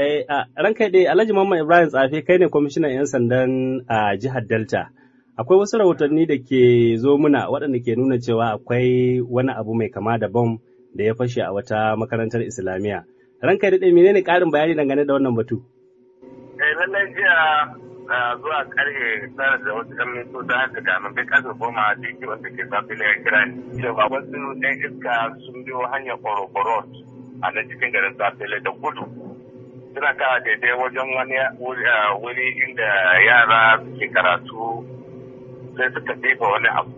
Eh, ranka dai Alhaji Mamman Ibrahim Tsafe kai ne kwamishinan 'yan sandan a jihar Delta. Akwai wasu rahotanni da ke zo muna waɗanda ke nuna cewa akwai wani abu mai kama da bom da ya fashe a wata makarantar Islamiyya. Ranka dai menene ƙarin bayani dangane da wannan batu? Eh, lallai jiya zuwa karfe tsara da wasu ɗan da haka da mafi ƙasa goma da yake wanda ke safila ya kira Cewa wasu ɗan iska sun biyo hanyar koro a na cikin garin safila da gudu. suna kawo daidai wajen wani wuri inda yara suke karatu sai suka jefa wani abu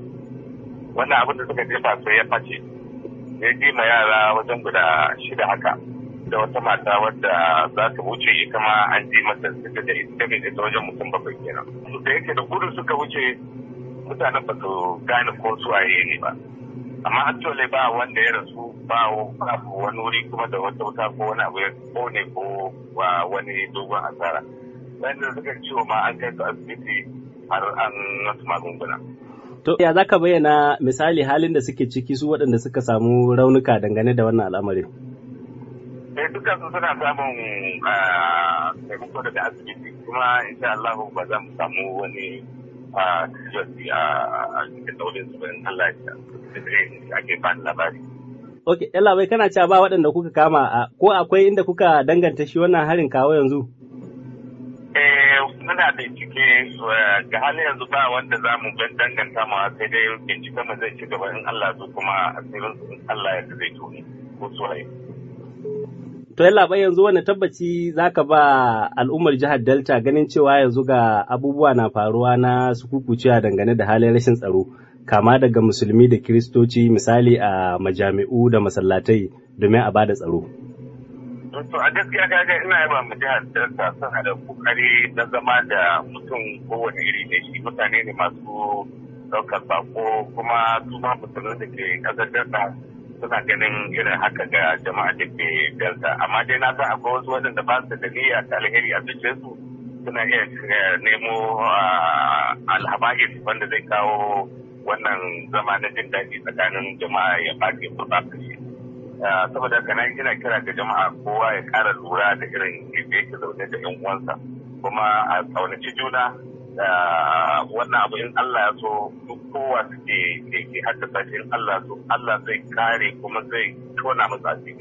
wani abu da suka jefa sai ya face ya ji ma yara wajen guda shida haka da wata mata wadda za ta wuce ita ma an ji masa suka da ita mai ita wajen mutum bakwai kenan da yake da gudu suka wuce mutanen ba su gane ko su waye ne ba amma actually ba wanda ya rasu ba wani wuri kuma da wata wuta ko wani abu ya kone ko wani dogon asara da suka ciwo ma an kai su asibiti har an wasu magunguna To, ya zaka bayyana misali halin da suke ciki su waɗanda suka samu raunuka dangane da wannan al'amarin? Eh, dukkan su suna samun ah, taimako daga asibiti kuma insha Allah ba za mu samu wani a a cikin su ake ba labari. Ok, Ella bai kana cewa ba waɗanda kuka kama ko akwai inda kuka danganta shi wannan harin kawo yanzu? Eh, muna cike ga halin yanzu ba wanda za mu ban danganta ma sai dai bincike mu zai ci gaba in Allah su kuma asirin Allah ya zai tuni ko su To yalla ba yanzu wani tabbaci zaka ba al'ummar jihar Delta ganin cewa yanzu ga abubuwa na faruwa na sukukuciya dangane da halin rashin tsaro kama daga musulmi da kiristoci misali a majami'u da masallatai domin a bada tsaro. To a gaskiya ga ina yaba mu jihar Delta suna da kokari na zama da mutum kowane iri ne shi mutane ne masu ɗaukar bako kuma su ma musulmi da ke kasar Delta suna ganin irin haka ga jama'a da ke delta amma dai na san akwai wasu waɗanda ba su da niyya ta alheri a cikin su suna iya nemo ah, alhaba'is wanda zai kawo wannan zama na jin daɗi tsakanin jama'a ya ɓace su shi ah, saboda haka na yi kira ga jama'a kowa ya ƙara lura da irin yadda yake zaune da 'yan uwansa kuma a tsaunaci juna da wannan abu in Allah ya so duk kowa suke ke haddasa shi in Allah so Allah zai kare kuma zai tona musu